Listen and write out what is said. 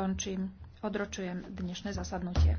končím, odročujem dnešné zasadnutie.